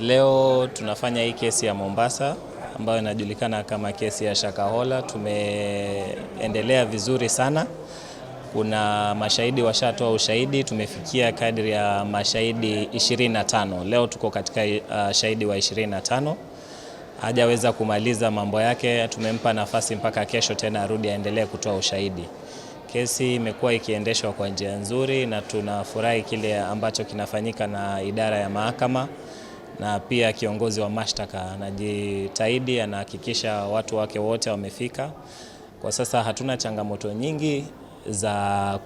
Leo tunafanya hii kesi ya Mombasa ambayo inajulikana kama kesi ya Shakahola. Tumeendelea vizuri sana, kuna mashahidi washatoa ushahidi, tumefikia kadri ya mashahidi 25. Leo tuko katika uh, shahidi wa 25 hajaweza kumaliza mambo yake, tumempa nafasi mpaka kesho tena arudi aendelee kutoa ushahidi. Kesi imekuwa ikiendeshwa kwa njia nzuri na tunafurahi kile ambacho kinafanyika na idara ya mahakama na pia kiongozi wa mashtaka anajitahidi, anahakikisha watu wake wote wamefika. Kwa sasa hatuna changamoto nyingi za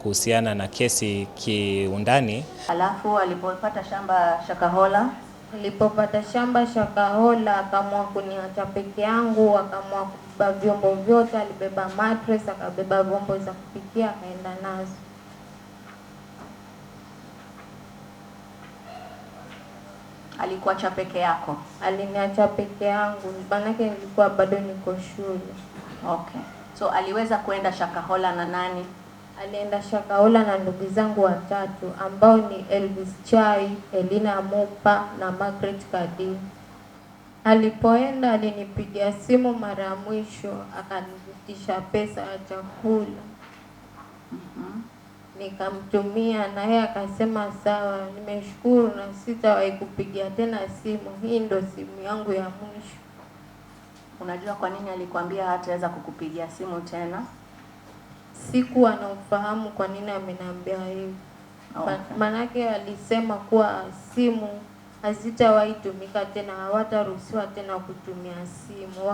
kuhusiana na kesi kiundani. Alafu alipopata shamba Shakahola, alipopata shamba Shakahola akaamua kuniacha peke yangu, akaamua kubeba vyombo vyote. Alibeba mattress, akabeba vyombo za kupikia, akaenda nazo. alikuacha peke yako? Aliniacha peke yangu, maanake nilikuwa bado niko shule. Okay, so aliweza kuenda Shakahola na nani? Alienda Shakahola na ndugu zangu watatu ambao ni Elvis Chai, Elina Mopa na Margaret Kadi. Alipoenda alinipigia simu mara ya mwisho, akanivutisha pesa ya chakula. mm -hmm nikamtumia na yeye akasema sawa. Nimeshukuru na sitawahi kupigia tena simu. Hii ndo simu yangu ya mwisho. Unajua kwa nini alikwambia hataweza kukupigia simu tena? Sikuwa na ufahamu kwa nini ameniambia hivyo. Oh, okay. Maanake alisema kuwa simu hazitawahi tumika tena, hawataruhusiwa tena kutumia simu.